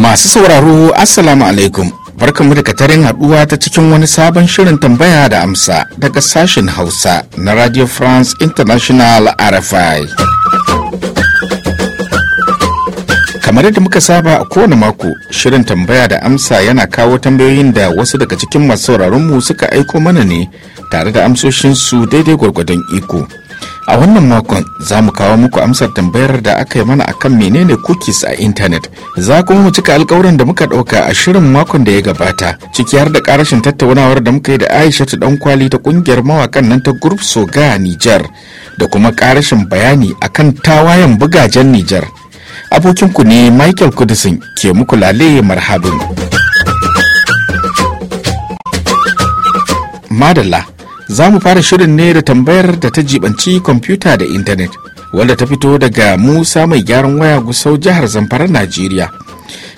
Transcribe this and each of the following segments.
Masu sauraro Assalamu alaikum barkanmu da katarin haɗuwa ta cikin wani sabon shirin tambaya da amsa daga sashen Hausa na Radio France International RFI. Kamar yadda muka saba a kowane mako shirin tambaya da amsa yana kawo tambayoyin da wasu daga cikin masu sauraronmu suka aiko mana ne tare da amsoshinsu daidai gwargwadon iko. a wannan makon za mu kawo muku amsar tambayar da aka yi mana akan menene cookies a intanet za kuma mu cika alkawuran da muka ɗauka a shirin makon da ya gabata ciki har da karashin tattaunawar da muka yi da ta dan kwali ta kungiyar mawakan nan ta group soga a nijar da kuma karashin bayani akan tawayen bugajen nijar abokinku ne michael kudisin ke muku lale marhabin madalla za mu fara shirin ne da tambayar da ta jibanci kwamfuta da intanet wanda ta fito daga musa mai gyaran waya gusau jihar zamfara najeriya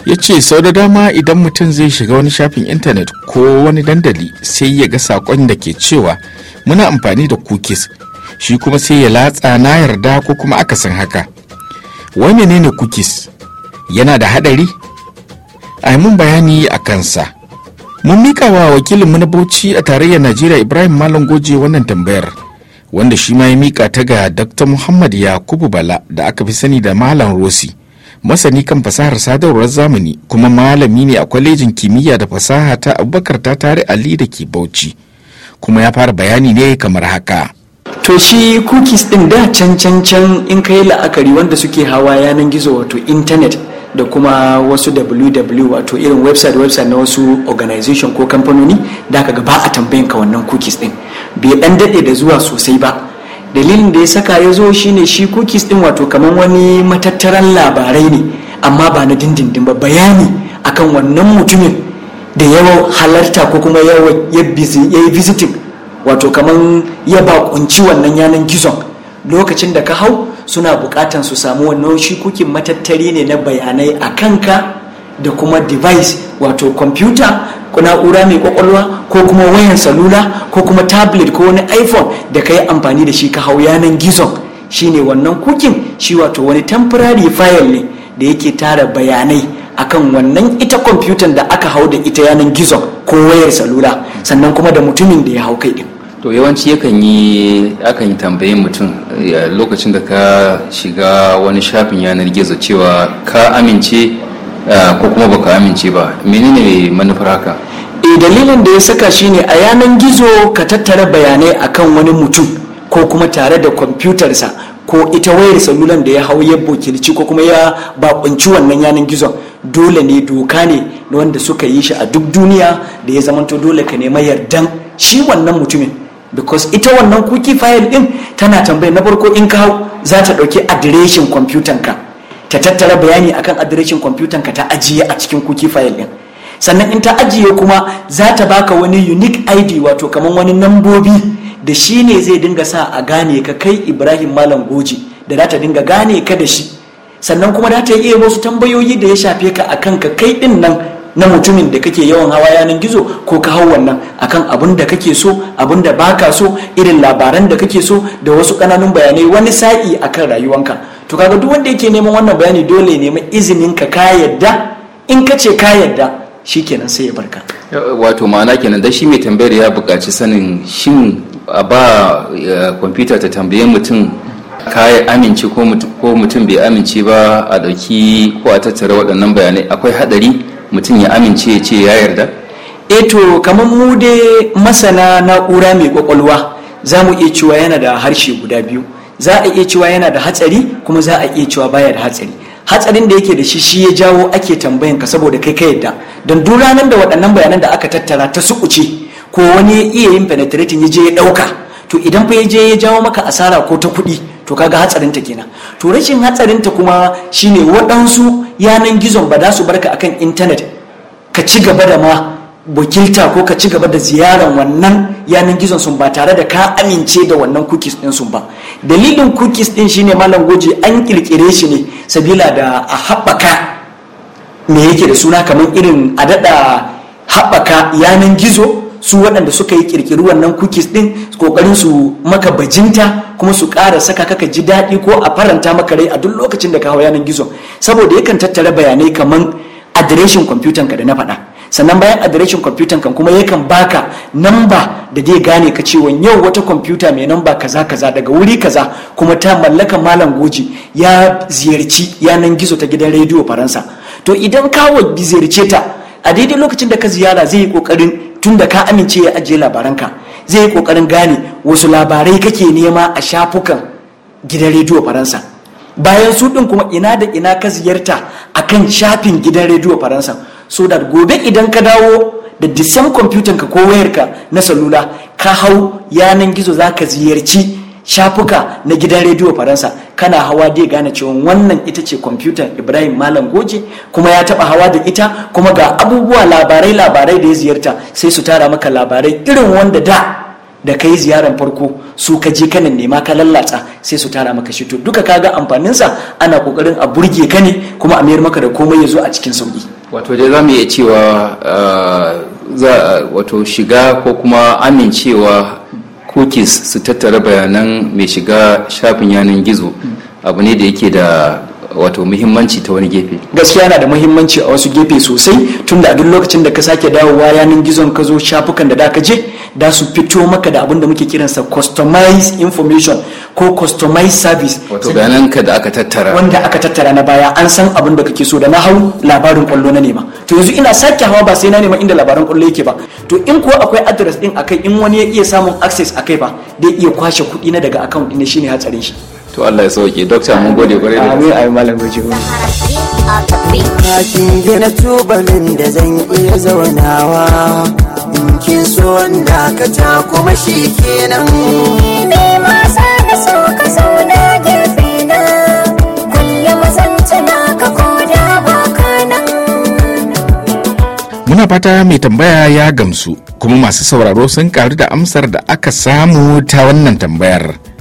ya ce sau da dama idan mutum zai shiga wani shafin intanet ko wani dandali sai ya ga sakon da ke cewa muna amfani da cookies shi kuma sai ya latsa na yarda ko kuma akasin haka Wani ne cookies yana da haɗari a mun bayani a kansa mun mika wa wakilin mu na bauchi a tarayyar najeriya ibrahim malam goje wannan tambayar wanda shi ma ya mika ta ga dr muhammad yakubu bala da aka fi sani da malam rosi masani kan fasahar sadarwar zamani kuma malami ne a kwalejin kimiyya da fasaha ta abubakar ta tare ali da ke bauchi kuma ya fara bayani ne kamar haka to shi cookies din da can can can in kai la'akari wanda suke hawa yanan gizo wato intanet da kuma wasu www wato irin website website na wasu organization ko kamfanoni da aka ga ba a tambayin ka wannan cookies din bai dan dade da zuwa sosai ba dalilin da ya saka ya zo shine shi cookies din wato kaman wani matattaran labarai ne amma ba na dindindin ba bayani akan wannan mutumin da yawa halarta ko kuma ya yi visiting wato kamar ya bakunci wannan yanan gizon lokacin da ka hau suna bukatan su samu wannan shi kukin matattari ne na bayanai a kanka da kuma device wato kwamfuta na'ura mai kwakwalwa ko kuma wayan salula ko kuma tablet ko wani iphone da ka yi amfani da shi ka hau yanan gizon ne wannan kukin shi wato wani temporary file ne da yake tara bayanai akan wannan ita kwamfutan da aka hau da ita yanan gizon ko wayar salula sannan kuma da mutumin da ya hau kai din to yawanci yakan yi akan yi tambayin mutum eh, lokacin da ka shiga wani shafin yanar gizo cewa ka amince eh, ko kuma baka amince ba menene manufar haka e dalilin da ya saka shine a yanar gizo ka tattara bayanai akan wani mutum ko kuma tare da kwamfutarsa ko ita wayar salulan da ya hau ya bokilci ko kuma ya bakunci wannan yanar gizo dole ne doka ne wanda suka yi shi a duk duniya da ya zamanto dole ka nema yardan shi wannan mutumin because ita wannan kuki file din tana tambayi na farko in ka hau za ta ɗauki adireshin kwamfutan ka ta tattara bayani akan adireshin kwamfutan ka ta ajiye a cikin kuki file din sannan in ta ajiye kuma za ta baka wani unique id wato kamar wani nambobi da shi ne zai dinga sa a gane ka kai ibrahim malam goji da za ta dinga gane ka da shi sannan kuma za ta iya wasu tambayoyi da ya shafe ka akan ka kai din nan na mutumin da kake yawan hawa yanan gizo ko ka hau wannan akan abin da kake so abin da baka so irin labaran da kake so da wasu kananun bayanai wani sa'i akan rayuwanka to kaga duk wanda yake neman wannan bayani dole nema izinin ka ka yadda in ka ce ka yadda shikenan sai ya barka wato ma'ana kenan da shi mai tambayar ya buƙaci sanin shin a ba kwamfuta ta tambaye mutum ka yi amince ko mutum bai amince ba a ɗauki ko a tattara waɗannan bayanai akwai haɗari mutum ya amince ya ce ya yarda Eto, eh kamar mu dai masana na'ura mai kwakwalwa za mu iya cewa yana da harshe guda biyu za a iya cewa yana da hatsari kuma za a iya cewa baya da hatsari hatsarin da yake da shi shi ya jawo ake tambayan ka saboda kai ka yadda don duk ranar da waɗannan bayanan da aka tattara ta sukuce ko wani ya iya yin penetrating ya je ya ɗauka to idan fa ya je ya jawo maka asara ko ta kuɗi to kaga hatsarinta kenan to rashin hatsarin ta kuma shine waɗansu yanan gizon ba za su barka kan intanet ka ci gaba da ma wakilta ko ka ci gaba da ziyarar wannan yanan gizon sun ba tare da ka amince da wannan cookies din sun ba dalilin cookies din shine malam goji an kirkire shi ne sabila da a haɓaka me yake da suna kamar irin a daɗa haɓaka yanan gizo su waɗanda suka yi kirkiri wannan cookies din kokarin su maka bajinta kuma su ƙara saka kaka ji daɗi ko a faranta maka rai a duk lokacin da ka hau yanar gizo saboda yakan tattara bayanai kamar adireshin kwamfutan ka da na faɗa sannan bayan adireshin kwamfutan kan kuma yakan baka namba da zai gane ka cewa yau wata kwamfuta mai namba kaza kaza daga wuri kaza kuma ta mallaka malam goji ya ziyarci yanar gizo ta gidan rediyo faransa to idan ka ziyarce ta a daidai lokacin da ka ziyara zai yi kokarin tun da ka amince ya ajiye labaranka zai yi kokarin gane wasu labarai kake nema a shafukan gidan rediyo faransa bayan su din kuma ina da ina ka ziyarta a kan shafin gidan rediyo faransa so that gobe idan ka dawo da the same ka ko wayarka na salula ka hau yanan gizo za ka ziyarci shafuka na gidan rediyo faransa kana hawa dai gane cewa wannan ita ce kwamfutar ibrahim malam goje kuma ya taba hawa da ita kuma ga abubuwa labarai labarai da ya ziyarta sai su tara maka labarai irin wanda da da ka yi ziyarar farko su ka je kanin nema ka lallata sai su tara maka shi to duka kaga amfaninsa ana kokarin a burge ka ne kuma a mayar maka da komai ya zo a cikin sauki wato dai za iya cewa eh, wato shiga ko kuma amincewa cookies su tattara bayanan mai shiga shafin yanar gizo abu ne da yake da wato muhimmanci ta wani gefe gaskiya na da muhimmanci a wasu gefe sosai tunda a duk lokacin da ka sake dawowa yanin gizon ka zo shafukan da da ka je da su fito maka da abin da muke kiransa customized information ko customized service wato bayanan ka da aka tattara wanda aka tattara na baya an san abin da kake so da na hau labarin kwallo na nema to yanzu ina sake hawa ba sai na nema inda labarin kwallo yake ba to in ko akwai address din akai in wani ya iya samun access akai ba dai iya kwashe kuɗi na daga account din shine hatsarin shi to Allah ya sauke dokta mun gode kwarai da amin ayi malam goje kin gina tubalin da zan iya zaunawa in kin so wanda ka ta kuma shi kenan me ma sa da so ka zauna gefe na kullum zan na ka koda ba nan? Muna fata mai tambaya ya gamsu kuma masu sauraro sun karu da amsar da aka samu ta wannan tambayar.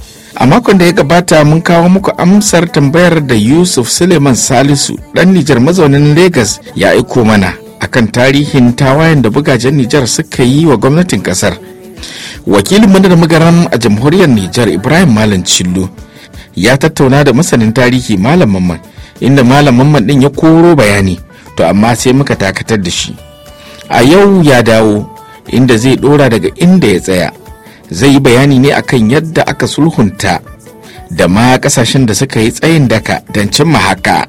a makon da ya gabata mun kawo muku amsar tambayar da yusuf suleiman salisu dan nijar mazaunin Legas ya aiko mana akan tarihin tawayen da bugajen nijar suka yi wa gwamnatin kasar wakilin madar da magaran a jamhuriyar nijar ibrahim malam cillo ya tattauna da masanin tarihi malam mamman inda malam mamman din ya koro bayani to amma sai muka dakatar da shi a yau ya dawo inda zai dora daga inda ya tsaya zai yi bayani ne akan yadda aka sulhunta da ma kasashen da suka yi tsayin daka don cimma haka.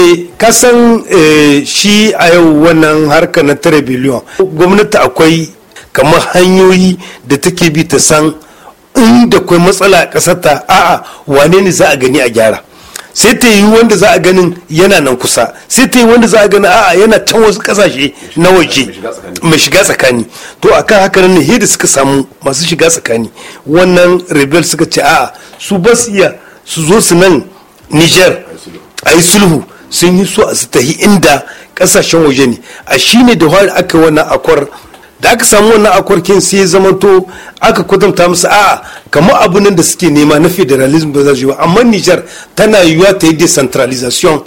e kasan e, shi a yau wannan harka na tare biliyon gwamnati akwai kamar hanyoyi da take bi ta san inda kwai matsala a ƙasarta a'a wane ne za a gani a gyara sai ta yi wanda za a ganin yana nan kusa sai ta yi wanda za a ganin a'a yana can wasu kasashe na waje mai shiga tsakani to akan haka ne hedi suka samu masu shiga tsakani wannan rebel suka ce a'a su ba su iya su zo su nan niger a yi sulhu sun yi so a su tahi inda kasashen waje ne a ne da aka wannan akwar da aka samu wannan akwarkin sai zamanto aka kwatanta musu a'a kamar abu nan da suke nema na federalism ba za su yi ba amma nijar tana yiwuwa ta yi decentralization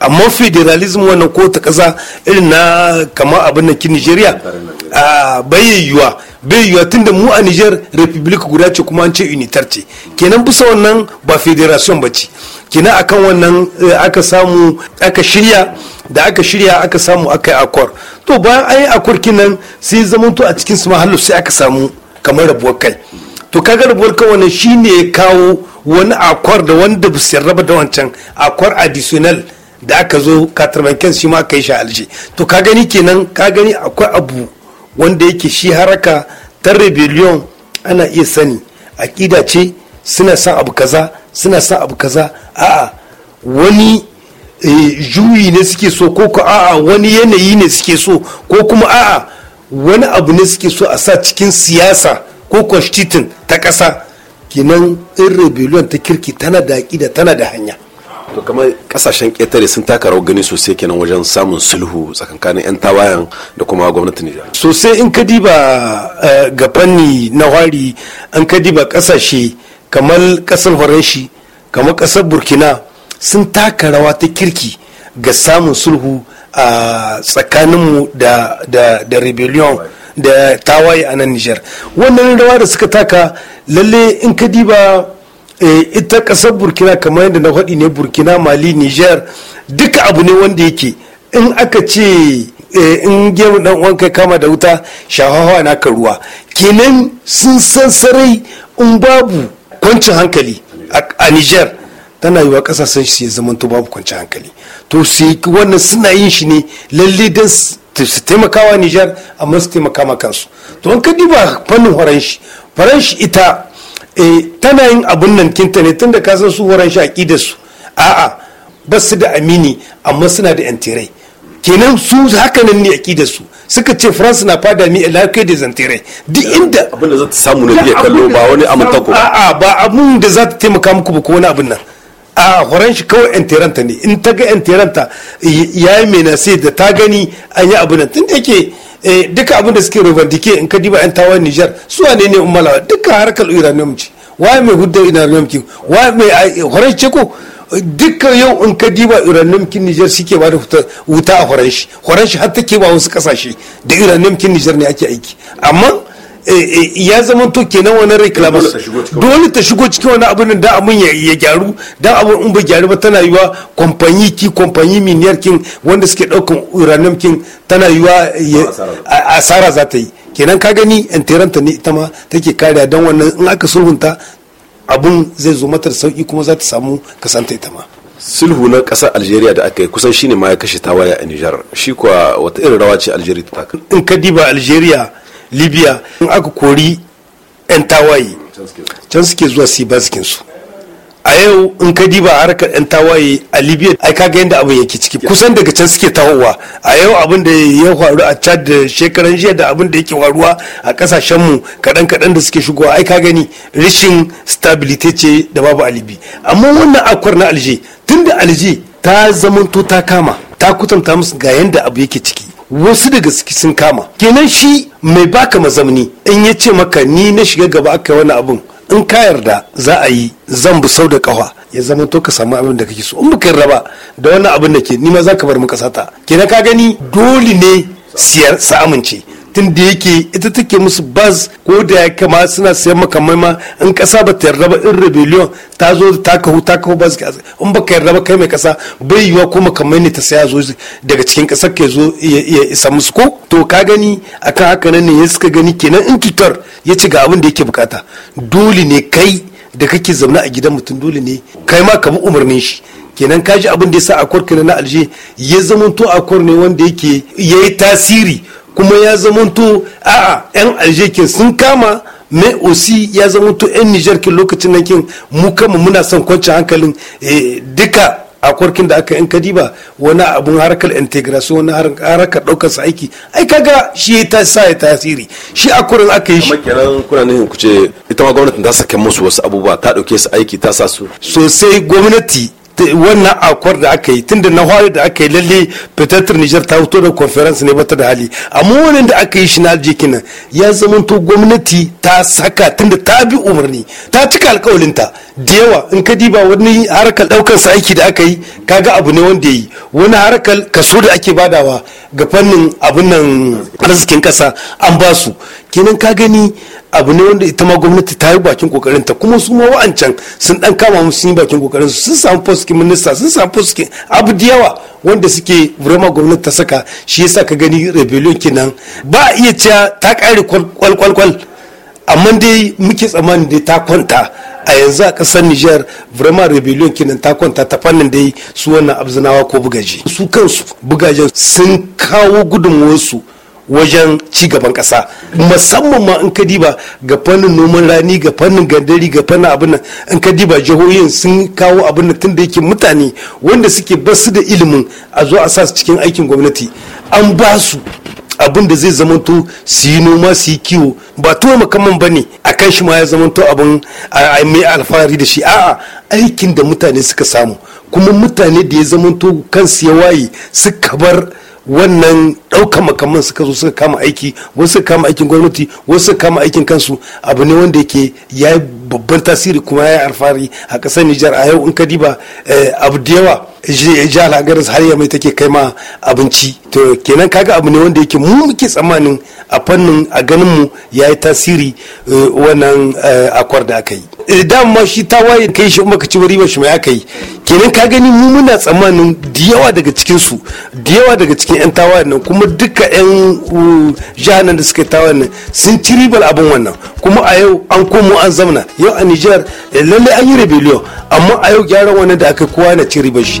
amma federalism wannan ko ta kasa irin na kamar abin da ki nigeria ya ah, yiwuwa bai yiwuwa da mu a Niger republic guda ce kuma an ce unitar ce kenan bisa wannan ba federation ba ce kenan akan wannan eh, aka samu aka shirya da aka shirya aka samu aka yi akwar to bayan an yi akwar kinan sai zamanto a cikin su mahallu sai aka samu kamar rabuwar kai to kaga rabuwar kai wannan shine ya kawo wani akwar da wanda ba su raba da wancan akwar additional da aka zo katarbanken shi ma aka yi shi alje to ka gani kenan ka gani akwai abu wanda yake shi haraka ta rebellion ana iya sani aƙida ce suna son abu kaza suna abu kaza a'a wani eh, juyi ne suke so ko ko a'a wani yanayi ne suke so ko kuma a'a wani abu ne suke so a sa cikin siyasa ko constitution ta ƙasa kinan in rebellion ta kirki tana da aƙida tana da hanya to kamar kasashen ƙetare sun taka rawar gani sosai kenan wajen samun sulhu tsakankanin 'yan tawayen da kuma gwamnatin nijar sosai in ka diba eh, ga fanni na wari an ka diba kasashe kamar kasar faranshi kamar kasar burkina sun taka rawa ta kirki ga samun sulhu a tsakaninmu da da da rebellion da tawaye a nan nijar wannan rawa da suka taka lalle in ka diba Eh, ita kasar burkina kamar yadda na faɗi ne burkina mali niger duka abu ne wanda yake in aka ce eh, in gemu dan uwan kai kama da wuta shahawa na ka ruwa kenan sun san sarai in babu kwancin hankali a niger tana yiwa kasashen shi ya zama to babu kwancin hankali to sai wannan suna yin shi ne lalle dan su taimakawa niger amma su taimaka ma kansu to an ka diba fannin faranshi faranshi ita eh tana yin abun nan kinta ne tunda ka san su waran shi aqidar su a'a ba su da amini amma suna da yantirai kenan su haka nan ne aqidar su suka ce france na fada mi la kai des intérêts di inda abin da za ta samu na biya kallo ba wani amurta ko a'a ba abun da za ta taimaka muku ba ko wani abin nan a horan shi kawai yantiranta ne in ta ga yantiranta ya yi mai sai da ta gani an yi abin nan tun da yake eh duka abin da suke rubandike in ka diba yan tawon nijar su wane ne ummala duka harkar uranium ce waye mai hudda uranium ki waye mai horon ce ko duka yau in ka diba uranium kin Niger suke ba da wuta a horon shi horon shi har take ba wasu kasashe da uranium kin Niger ne ake aiki amma Eh, eh, ya zama to kenan wani reclamas dole ta shigo cikin wani abin da abin ya gyaru dan abin in ba gyaru ba tana yiwa kwamfani ki kwamfani miniyar kin wanda suke daukan uranium kin tana yiwa asara za ta yi kenan ka gani interanta ne ita ma take kariya dan wannan in aka sulhunta abun zai zo mata sauki kuma za ta samu kasanta ita ma sulhu na kasar algeria da aka yi kusan shine ma ya kashe tawaya a niger shi kuwa wata irin rawa ce algeria ta taka in ka diba algeria libya in aka kori 'yan tawaye can suke zuwa su yi su a yau in ka diba harkar 'yan tawaye a libya ai kaga yadda abin yake ciki kusan daga can suke tahowa a yau abin da ya faru a chad da shekaran jiya da abin da yake faruwa a kasashen mu kadan kadan da suke shigowa ai ka gani rishin stabilite ce da babu a libya amma wannan akwar na alje tun da alje ta zamanto ta kama ta kutanta musu ga yadda abu yake ciki wasu daga ciki sun kama kenan shi mai baka mazamni in ya ce maka ni na shiga gaba aka wani abun in ka yarda za a yi zan bi sau da kafa ya zama to ka samu abin da kake so in baka yarda da wannan abin da ke ni ma za ka bar mu kasata kenan ka gani dole ne siyar sa amince tun da yake ita take musu bas ko da ya kama suna sayan makamai ma in kasa ba ta yarda ba in rebellion ta zo ta kahu ta kahu bas in baka yarda ba kai mai kasa bai yiwa ko makamai ne ta saya zo daga cikin kasar ka zo ya isa musu ko to ka gani akan haka nan ne ya suka gani kenan in tutar ya ci ga abin da yake bukata dole ne kai da kake zaune a gidan mutum dole ne kai ma ka bi umarnin shi kenan kaji abin da ya sa akwar na alje ya zamanto akwar ne wanda yake ya yi tasiri kuma ya zamanto a'a yan aljekin sun kama mai osi ya zamanto yan nijar kin lokacin nan kin mu kama muna son kwanci hankalin eh, duka a kwarkin da aka yan kadiba wani abun harkar integration wani harkar daukar sa aiki ai kaga shi ya ta sa ya tasiri shi a kurin aka yi shi amma kenan kuna nihin ku ce ita ma gwamnatin ta saka musu wasu abubuwa ta dauke su aiki ta sa su sosai gwamnati wannan akwar da aka yi tunda na hwari da aka yi lalle fitattar nijar ta hoto da conference ne bata da hali amma wannan da aka yi shi na aljikin ya zama to gwamnati ta saka tun da ta bi umarni ta cika alkawalinta da yawa in ka diba wani harkar daukar sa aiki da aka yi kaga abu ne wanda yi wani harakar kaso da ake badawa ga fannin abun nan arzikin kasa an ba su kenan ka gani abu ne wanda ita ma gwamnati ta yi bakin kokarin ta kuma su ma wa'ancan sun dan kama mu sun yi bakin kokarin su sun samu foskin minista sun samu foskin abu da wanda suke burama gwamnati ta saka shi yasa ka gani rebellion kenan ba a iya cewa ta kare kwalkwalkwal amma dai muke tsammani dai ta kwanta a yanzu a kasar niger vraiment rebellion kenan ta kwanta ta fannin dai su wannan abzinawa ko bugaji su kansu bugajen sun kawo gudunmuwarsu su wajen ci gaban ƙasa musamman ma in ka diba ga fannin noman rani ga fannin gandari ga fannin abin nan in ka diba jihohin sun kawo abin nan tun yake mutane wanda suke basu da ilimin a zo a sa su cikin aikin gwamnati an ba su abin da zai zamanto su yi noma su yi kiwo ba tuwa makamman ba ne a kan shi ma ya zamanto abin mai alfahari da shi a'a aikin da mutane suka samu kuma mutane da ya zamanto kansu ya waye suka bar wannan ɗaukar makamman suka zo suka kama aiki wasu kama aikin gwamnati wasu kama aikin kansu abu ne wanda yake ya yi babban tasiri kuma ya yi alfahari a ƙasar nijar a yau in ka diba eh, abu da yawa jihar agadas har mai take kai ma abinci to kenan kaga abu ne wanda yake mu muke tsammanin a fannin a ganin mu yayi tasiri eh, wannan eh, akwar da aka yi eh, ma shi ta waye kai shi ka ci riba shi mai aka yi kenan ka gani mu muna tsammanin da yawa daga cikin su da yawa daga cikin yan tawaye nan kuma duka yan jihar nan da suka yi tawaye nan sun ci ribar abin wannan kuma a yau an komo an zamana yau a nijar lalle an yi rebellion amma a yau gyaran wannan da aka kowa na ci ribar shi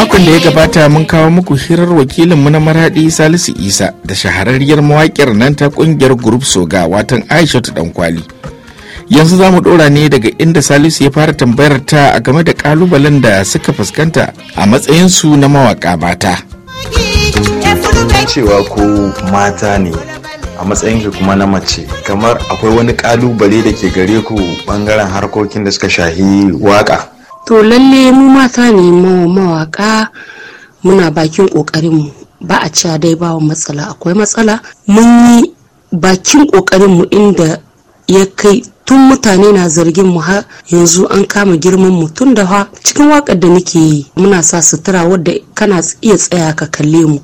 makon da ya gabata mun kawo muku hirar wakilinmu na maradi salisu isa da shahararriyar mawakiyar nan ta kungiyar group soga watan aisha ta dankwali yanzu za mu ɗora ne daga inda salisu ya fara tambayar ta a game da kalubalen da suka fuskanta a matsayinsu na mawaƙa bata cewa ko mata ne a matsayin ki kuma na mace kamar akwai wani kalubale da ke gare ku bangaren harkokin da suka shahi waƙa to lalle mu mata ne mawaka muna bakin ƙoƙarinmu ba a cewa dai ba matsala akwai matsala mun yi bakin ƙoƙarinmu inda ya kai tun mutane na zargin mu har yanzu an kama girman mu tun da ha cikin wakar da nake yi muna sa sutura wadda kana iya tsaya ka kalle mu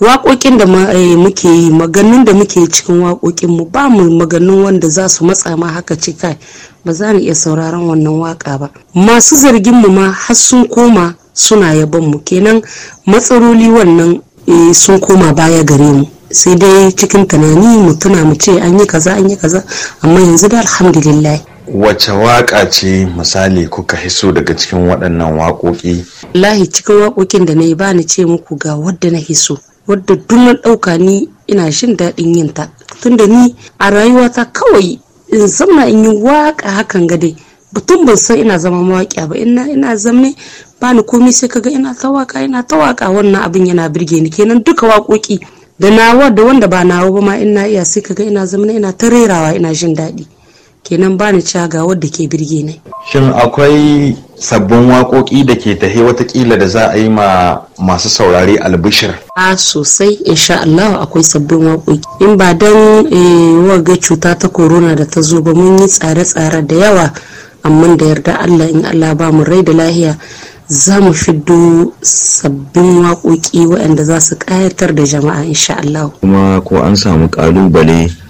waƙoƙin da eh, muke yi maganin da muke cikin waƙoƙin mu ba mu maganin wanda za su matsa ma haka ce kai ba za mu iya sauraron wannan waka ba masu zargin mu ma har sun koma suna yabon mu kenan matsaloli wannan eh, sun koma baya gare mu sai dai cikin tunani mu tuna mu ce an yi kaza an yi kaza amma yanzu da alhamdulillah wace waka ce misali kuka hiso daga cikin waɗannan waƙoƙi lahi cikin waƙoƙin da na yi ba ni ce muku ga wadda na hiso wadda duk ɗauka ni ina jin daɗin yin ta tunda ni a rayuwata kawai in zamna in yi waka hakan ga dai batun ban san ina zama mawaƙi ba ina ina zamne bani komai sai kaga ina ta waka ina ta waka wannan abin yana birge ni kenan duka waƙoƙi da nawa da wanda ba nawa ba ma ina iya sai kaga ina zamne ina ta rerawa ina jin daɗi kenan bani caga ga wadda ke birge ne shin akwai sabbin waƙoƙi da ke tahe watakila da za a yi ma masu saurari albishir a sosai insha Allah akwai sabbin waƙoƙi in ba don eh, waga cuta ta corona da ta zo ba mun yi tsare-tsare da yawa amma da yarda Allah in Allah ba mu rai da lahiya za mu fiddo sabbin waƙoƙi waɗanda za su ƙayatar da jama'a insha Allah kuma ko an samu ƙalubale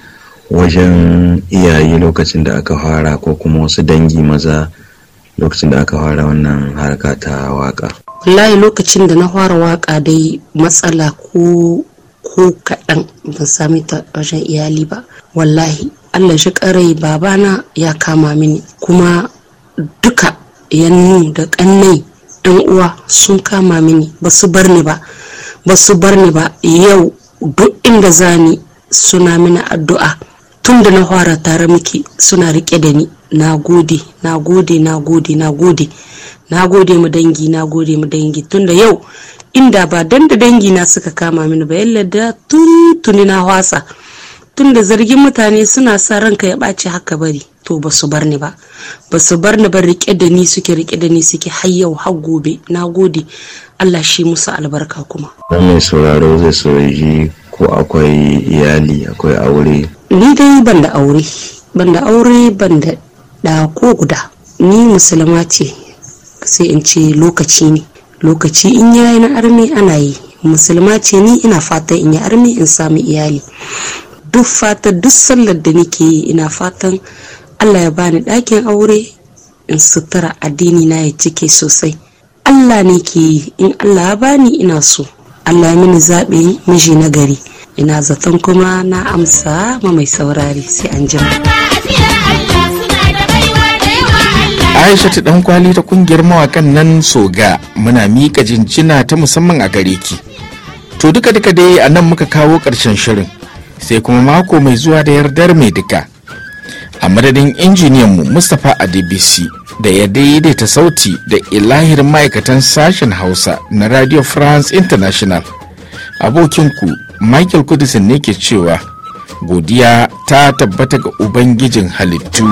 wajen iyaye lokacin da aka fara ko kuma wasu dangi maza lokacin da aka fara wannan harka ta waka wallahi lokacin da na fara waka dai matsala ko ko kaɗan ban sami ta wajen iyali ba wallahi allah shi karai babana ya kama mini kuma duka yannu da ƙannai ɗan uwa sun kama mini ba su bar ni ba ba su bar ni ba yau duk inda zani suna mini addu'a tun da na fara tare miki suna rike da ni na gode na gode na gode na gode na gode mu dangi na gode mu dangi tun da yau inda ba dan da dangi na suka kama mini ba yalla da tun tuni na wasa tun da zargin mutane suna sa ranka ya ɓaci haka bari to ba su bar ni ba ba su bar ni ba rike da ni suke rike da ni suke har yau har gobe na gode Allah shi musu albarka kuma. mai sauraro zai soyayi ko akwai iyali akwai aure ni dai ban da aure ban da aure ban da ɗa ko guda ni musulma ce sai in ce lokaci ne lokaci in yayi na armi ana yi musulma ce ni ina fatan in yi armi in sami iyali duk fatan duk sallar da nake yi ina fatan allah ya bani ɗakin aure in sutura addini na ya cike sosai allah ne ke yi in allah ya bani ina so allah ya mini zaɓe miji na gari ina zaton kuma na amsa ma mai saurari sai an jima. aishatu dan kwali ta kungiyar mawakan nan soga muna mika jinjina ta musamman a gare ki to duka duka dai a nan muka kawo ƙarshen shirin sai kuma mako mai zuwa da yardar mai duka a madadin injiniyan mu mustapha adbc da ya daidaita sauti da ilahir ma'aikatan sashen hausa na radio france international abokinku michael kudisin ne ke cewa godiya ta tabbata ga ubangijin halittu